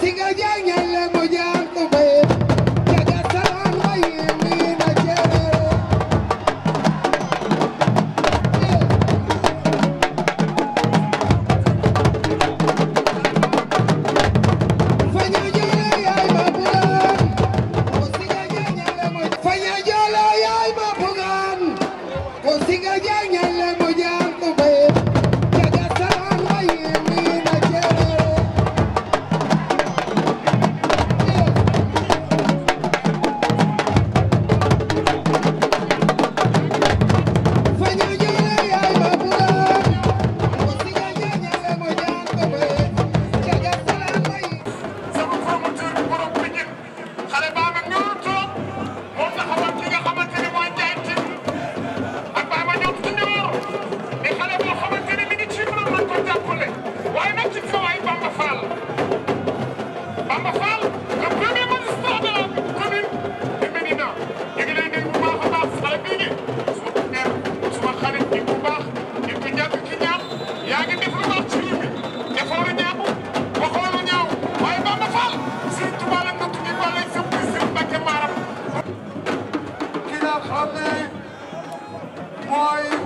tinggal jangan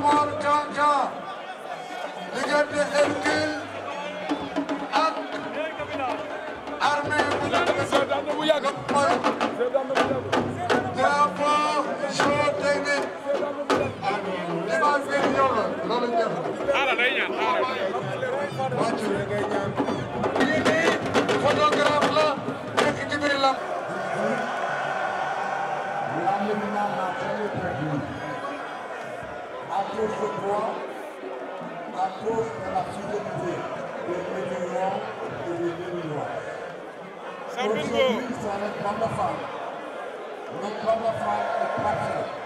Omar Dianka diggante Hercule ak armée bu njëkk bu yàgg mooy drapeau jaune technique dimanche bi ñëw la loolu ñëw notre droit à cause de la fidélité des Béninois et des Béninois. Aujourd'hui, c'est avec Bamba Fall. Notre Bamba Fall est parti.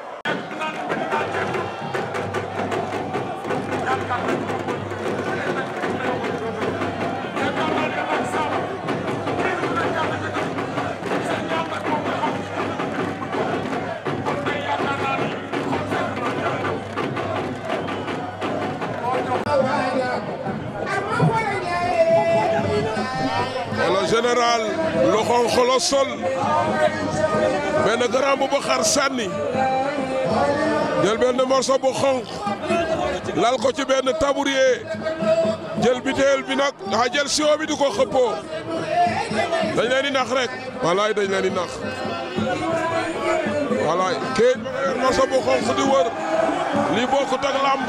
général loxoom xolo benn garam ba xar sànni jël benn morceau bu xonq lal ko ci benn tabourier jël biteel bi nag daa jël siwo bi di ko xëppoo dañ leen di nax rek walaay dañ leen di nax walaay kee ma bu xonq di wër li bokkut ak làmb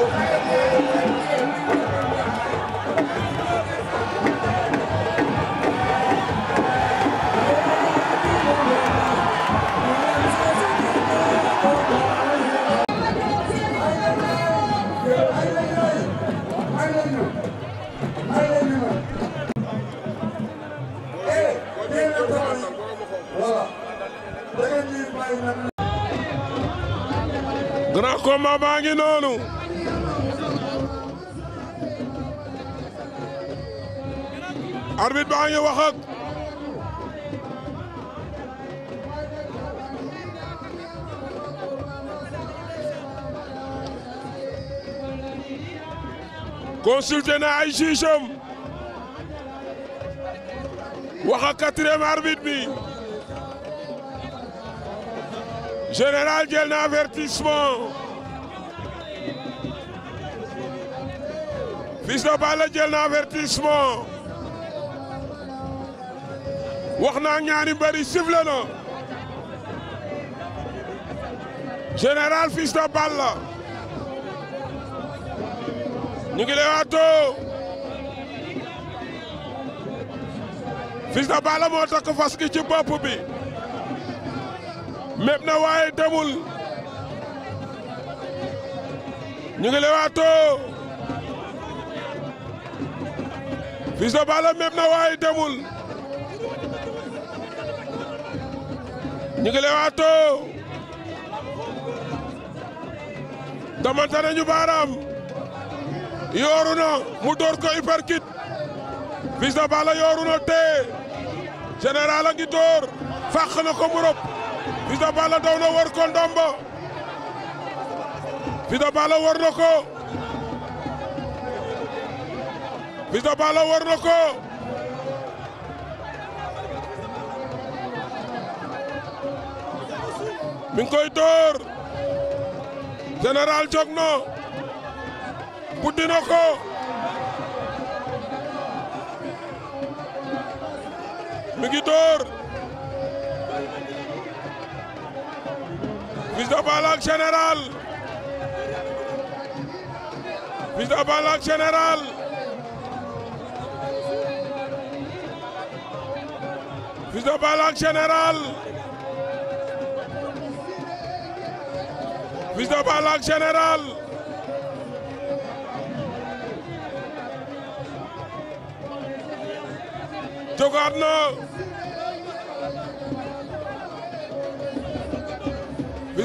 grand combat baa noonu arbitre baa ngi wax ak consulté na ay jugeam wax ak quatrième arbitre bi général jël na avertissement Fils Balla jël na avertissement wax na ñaari mbëri sifle na général Fils de Balla ñu ngi lay waatoo Balla moo takk fas gi ci bopp bi mépp na waaye demul ñu ngi lewaatoo Fils de Balla mépp na waaye demul ñu ngi lewaatoo damante nañu baaraam yooru na mu door ko iparkit Fils de Balla yooru na te général ngi door fàq na ko mu rob Fils de Balla daw na wër ko ndombo ko Fils de Balla ko mi ngi koy dóor général jog na buddi ko mi ngi dóor Fils Général Fils Général Fils Général Fils de Balla jogaat na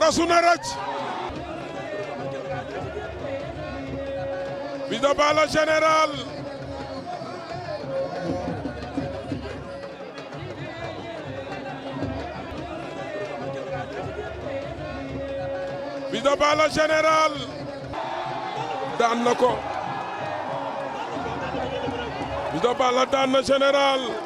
rasuna rac Fils de Balla Général Fils de Balla daan na ko Fils de Balla daan na Général